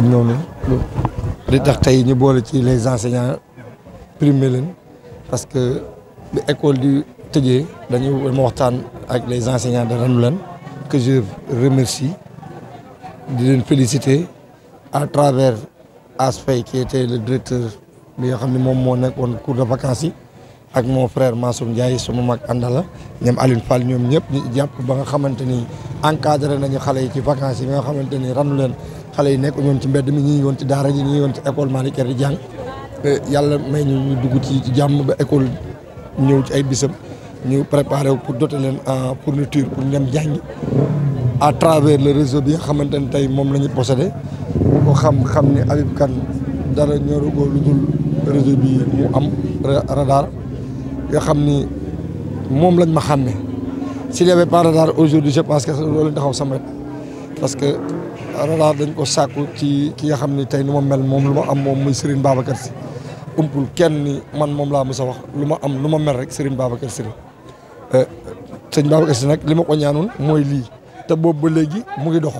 laaj ñoom tax tey ñu boole ci les enseignants primé leen parce que bi école di tëjee dañuy ma waxtaan ak les enseignants de Randoulène que je remercie di leen féliciter à travers Asfay qui était le directeur bi nga xam ne moom moo nekkoon cours de vacances yi ak mon frère Mansour Ndiaye suma mag àndala ñoom Aline Fall ñoom ñëpp ñu jàpp ba nga xamante ni encadré nañu xale yi ci vacances yi nga xamante ni ranu leen xale yi nekk ñoon ci mbedd mi ñi woon ci daara ji ñi woon ci école Malick di jàng eh, yàlla may ñu ñu dugg ci jàmm ba école ñëw ci ay bisam ñu préparé wu pour doter leen en fourniture pour ñu dem jàngi à travers le réseau bi xamante ni tey moom la ñu possédé ko xam-xam ni Habib kan dara ñoru lu dul réseau bi mu am radar yoo xam ni moom lañ ma xàmme si y avait pas radar aujourd'hui je pense que loolu lañ taxaw sama parce que radar dañ ko sàkku ci ki nga xam ni tey nu ma mel moom lu ma am moom muy Serigne Babacar Sy umpul kenn ni man moom laa mos a lu ma am lu ma mel rek Serigne Babacar Sy euh, sëñ Babacar Sy nag li ma ko ñaanoon mooy lii te boobu ba léegi mu ngi dox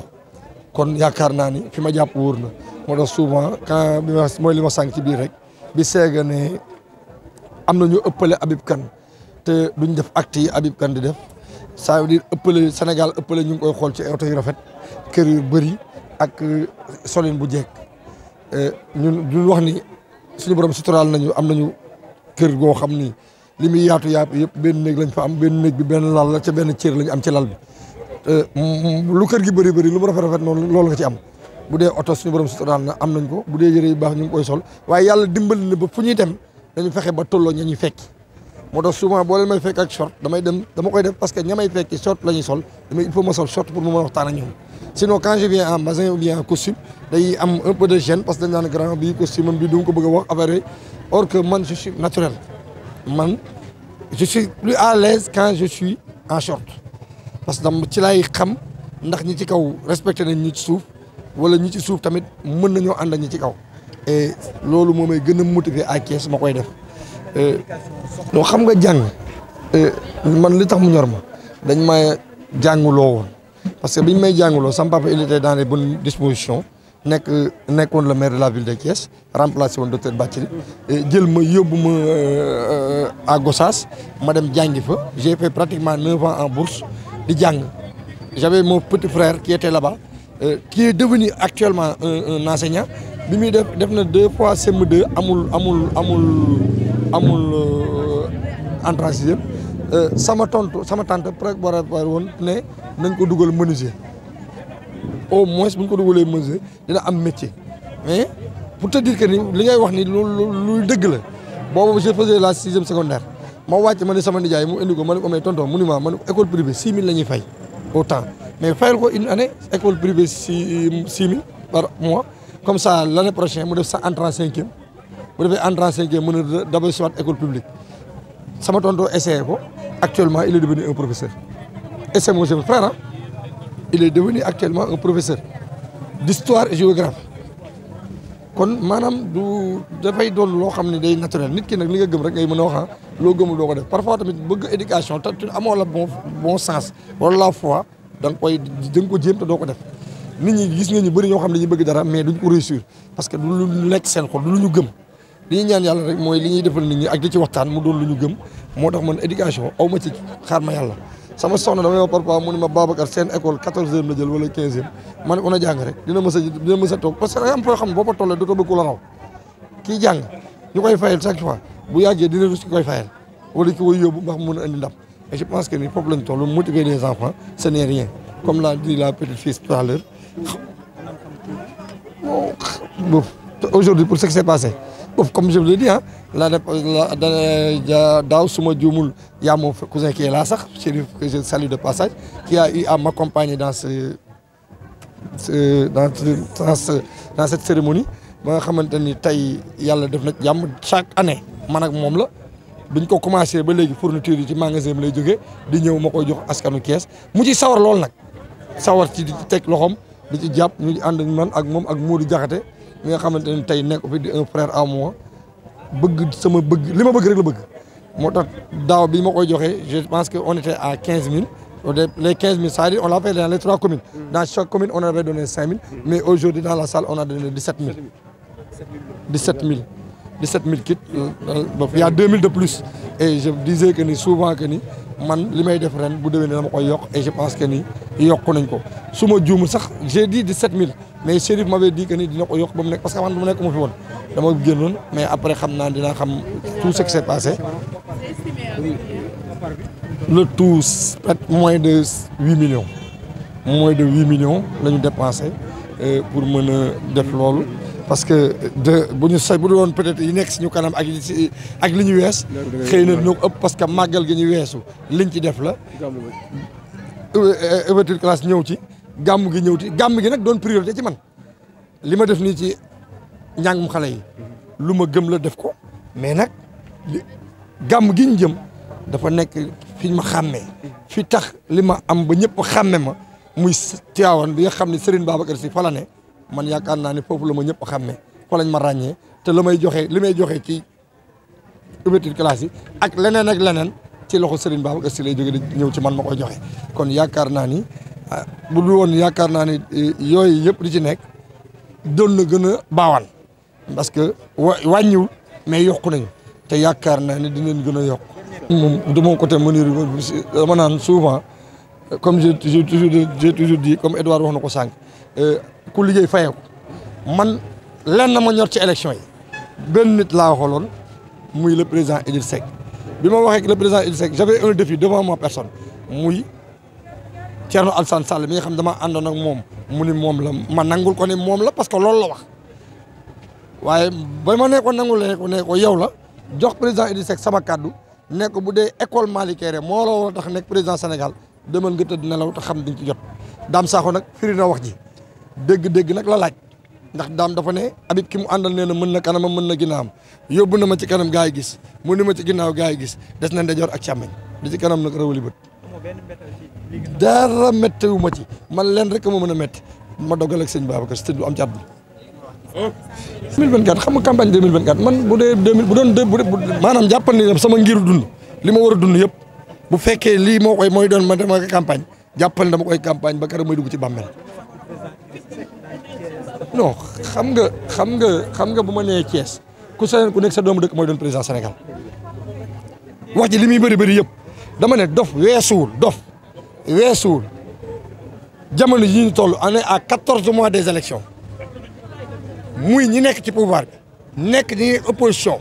kon yaakaar naa ni fi ma jàpp wóor na moo tax souvent quand mooy li ma sànq ci biir rek bi seega am na ñu ëppale abib kan te duñ def acte yi Habib Kane di def ça veut dire ëppale Sénégal ëppale ñu ngi koy xool ci oto yu rafet kër yu bëri ak euh, solin bu jekk euh, ñun duñ wax ni suñu borom suturaal nañu am nañu kër goo xam ni li muy yaatu yaatu yëpp benn néeg lañ fa am benn benn lal la ca benn cër lañ am ci lal bi euh, mm, lu gi bëri bëri lu mu rafet rafet noonu loolu nga bu dee oto suñu borom suturaal na am nañ ko bu dee yëre yu baax ñu ngi koy sol waaye yàlla dimbali ba fu ñuy dem dañu fexe ba tolloo ña ñuy fekki moo tax souvent boo leen may fekk ak short damay dem dama koy def parce que ña fekki short la sol damay il faut ma sol short pour mu mën a waxtaan ak ñoom sinon quand je viens en bazin ou bien en costume day am un parce que dañ naan grand bi costume am bi du ma ko a wax affaire yooyu or que man je suis naturel man je suis plus à l'aise quand je suis en short parce que dama ci laay xam ndax ñi ci kaw respecté nañ ñi ci suuf wala ñi ci suuf tamit mën nañoo ànd ak ñi ci kaw et eh, loolu moom may gën a motiver à Thiès ma koy def eh, donc xam nga jàng eh, man li tax mu ñor ma dañ may jànguloo woon parce que biñ may jànguloo sama papa il était dans les bonnes dispositions nekk nekkoon le maire de la ville de Thiès remplacé woon docteur Bathily jël ma yóbbu ma à Gossas ma dem jàngi fa j'ai fait pratiquement neuf ans en bourse di jàng j'avais mon petit frère qui était Euh, qui est devenu actuellement un enseignant bi muy def def na deux fois CM2 amul amul amul amul euh, entrée en sixième euh, sama tontu sama tante préparatoire woon ne nañ ko dugal menuisier au moins bu ñu ko dugalee menuisier dina am métier mais pour te dire que ni li ngay wax ni lu lu dëgg la boobu je faisais la sixième secondaire ma wàcc ma ne sama nijaay mu indi ko ma ne ko amee tonton mu ni école privée six mille la ñuy fay temps mais fayal ko une année école privée six par mois comme sa l' année prochaine mu def sa entrée en cinquième bu defee entrée en cinquième mën a dabal si waat école publique sama tonton essayé ko actuellement il est devenu un professeur essayé mon jeune frère il est devenu actuellement un professeur d' histoire kon maanaam du dafay doon loo xam ne day naturel nit ki nag li nga gëm rek ngay mën a wax ah. loo gëmul doo ko def parfois tamit bëgg éducation te amoo la bon bon sens wala la foi. da nga koy ko jéem te doo ko def nit ñi gis nga ñu bëri ñoo xam ne ñu bëgg dara mais duñ ko réussir parce que du lu nekk seen xol du lu ñu gëm li ñuy ñaan yàlla rek mooy li ñuy defal nit ñi ak di ci waxtaan mu doon lu ñu gëm moo tax man éducation aw ma ci xaar ma yàlla sama soxna damay wax parfois mu ne ma Babacar seen école quatorze heures la jël wala quinze heures ma ne ko rek dina mës dina mës parce que am foo xam ne boo fa tollee dootoo bëgg ku koy fayal chaque bu yàggee dina rus ki koy fayal wala ki koy yóbbu Et je pense que le problème, c'est motiver les enfants, ce n'est rien. Comme l'a dit la petite fille tout à l'heure, aujourd'hui, pour ce qui s'est passé, comme je vous l'ai dit, hein, la, la, Dao il y a mon cousin qui est là, que je salue de passage, qui a eu à m'accompagner dans, ce, ce, dans, dans, ce, dans cette cérémonie. Je sais que chaque année, je suis la biñ ko commencé ba léegi fourniture yi ci magasin bi lay jógee di ñëw ma koy jox askanu kees mu ci sawar lool nag sawar ci di teg loxoom di ci jàpp ñu ànd man ak moom ak Modou jaxate mi nga xamante ne tey nekk fi di un frère à moi bëgg sama bëgg li bëgg rek la bëgg moo tax daaw bi ma koy joxee je pense que on était à quinze mille les quinze mille c'est-à-dire on l'a fait dans les trois communes dans chaque commune on avait donné cinq mille mais aujourd'hui dans la 17000 kits euh, euh, il y a 2000 de plus et je disais que ni souvent que ni man li may def ren bu déwénee dama koy yokk et je pense que ni yokku nañ ko su ma juumu sax j'ai dit mille mais Chérif m'avait dit que ni dina ko yokk ba mu nekk parce que man bu ma nekk mu fi woon dama génnoon mais après xam naa dinaa xam tout ce qui s'est le tout moins de 8 millions moins de 8 millions la ñu dépensé euh, pour mën a def loolu parce que de bu ñu sa bu doon peut-être yi nekk si ñu kanam ak li ak li ñu wees xëy na ñoo ëpp parce que màggal gi ñu weesu liñ ci def la ouverture classe ñëw ci gàmm gi ñëw ci gàmm gi nag doon priorité ci man li ma def nii ci njàngum xale yi lu ma gëm la def ko mais nag gàmm gi ñu jëm dafa nekk fi ma xàmmee fi tax li ma am ba ñëpp xàmme ma muy Tiwaawan bi nga xam ne Serigne Babacar Sy fa la man yaakaar naa ne foofu la ma xam xàmmee fa lañ ma ràññee te la may joxe li may joxe ci ouverture classe yi ak leneen ak leneen ci loxo Serigne Babacar Sy lay jóge di ñëw ci man ma ko joxe kon yaakaar naa ni ah, bu dul woon yaakaar naa ni eh, yooyu yëpp di ci nekk doon na gën a baawaan parce que wàññiwul mais yokk nañu te yaakaar naa ni dinañ gën a yokk moom de mon côté Mounir dama naan souvent comme j'ai toujours j'ai toujours dit comme Edouard wax na ko sànq euh, ku liggéey fayeeku man lenn ma ñor ci élection yi benn nit laa waxaloon muy le président Idriss Seck bi ma waxee le président Idriss Seck j'avais un défi devant ma personne muy Thierno Alassane Sall mi nga xam dama àndoon ak moom mu ni moom la ma nangul ko ni moom la parce que loolu la wax waaye ba ma ne ko nangul la ne ko yow la jox président Idriss Seck sama kàddu nekk bu dee école Malikéré moo la war a tax nekk président Sénégal demal nga tëdd nelaw te xam diñ ci jot Dame Sakho nag firi na wax ji dégg-dégg nag la laaj ndax daam dafa ne Habib ki mu àndal nee na mën na kanamam mën na ginnaawam yóbbu na ma ci kanam gaa yi gis mu ni ma ci ginaaw gaa yi gis des na ndeyjoor ak càmmeñ li ci kanam nag rawali bët dara méttewu ma ci man leen rek ma mën a métti ma dogal ak sëñ Babacar si lu am ci àdduna 2024 xam nga campagne doon maanaam jàppal ni sama ngiru dund li ma war a dund yëpp bu fekkee lii moo koy mooy doon ma dama koy campagne jàppal dama koy campagne ba keroog may dugg ci bàmmeel non xam nga xam nga xam nga bu ma nee Thiès ku sañoon ku nekk sa doomu dëkk mooy doon président Sénégal wax ji li muy bëri bëri yëpp dama ne dof weesuwul dof weesuwul jamono yi ñu toll on est à quatorze mois des élections muy ñi nekk ci pouvoir bi nekk ñi opposition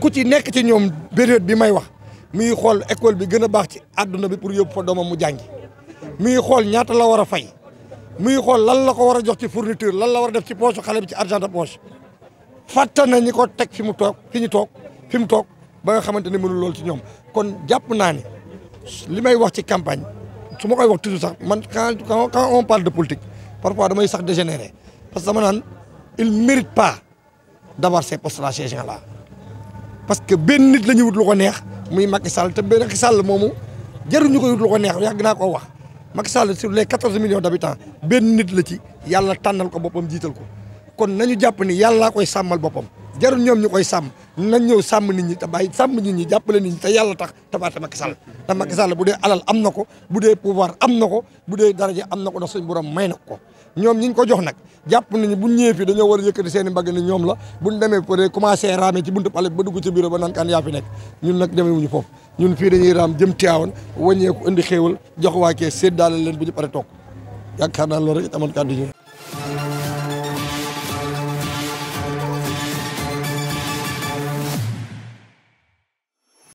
ku ci nekk ci ñoom période bi may wax mi ngi xool école bi gën a baax ci àdduna bi pour yóbbu fa doomam mu jàngi mi xool ñaata la war a fay muy xool lan la ko war a jox ci fourniture lan la war a def ci poche xale bi ci argent de poche fàtte na ñi ko teg fi mu toog fi ñu toog fi mu toog ba nga xamante ne mënul loolu ci ñoom kon jàpp naa ne li may wax ci campagne su ma koy wax toujours sax man quand quand on parle de politique parfois damay sax dégénéré parce que dama naan il mérite pas d'avoir ces postes là ces gens là parce que benn nit la ñuy wut lu ko neex muy Macky Sall te Macky moomu jaruñu koy wut lu ko neex yàgg naa koo wax. Macky Sall sur les quatorze millions d' habitants benn nit la ci yàlla tànnal ko boppam jiital ko kon na ñu jàpp ni yàllaa koy sàmmal boppam jarul ñoom ñu koy sàmm nañ ñëw sàmm nit ñi te bàyyi sàmm nit ñi jàppale nit ñi te yàlla tax tabaate Macky Sall te Macky Sall bu dee alal am na ko bu dee pouvoir am na ko bu dee daraja am na ko ndax suñu borom may na ko ñoom ñi ñu ko jox nag jàpp nañu buñ ñëwee fii dañoo war a yëkkati seen i mbagg ni ñoom la buñ demee dee commencé raame ci buntu pale ba dugg ci bureau ba naan kaan yaa fi nekk ñun nag demewuñu foofu ñun fii dañuy raam jëm Tiwaawan wàññeeku indi xéewal jox waa Kees séddaale leen bu ñu pare toog yaakaar naa loolu rek amoon kàddu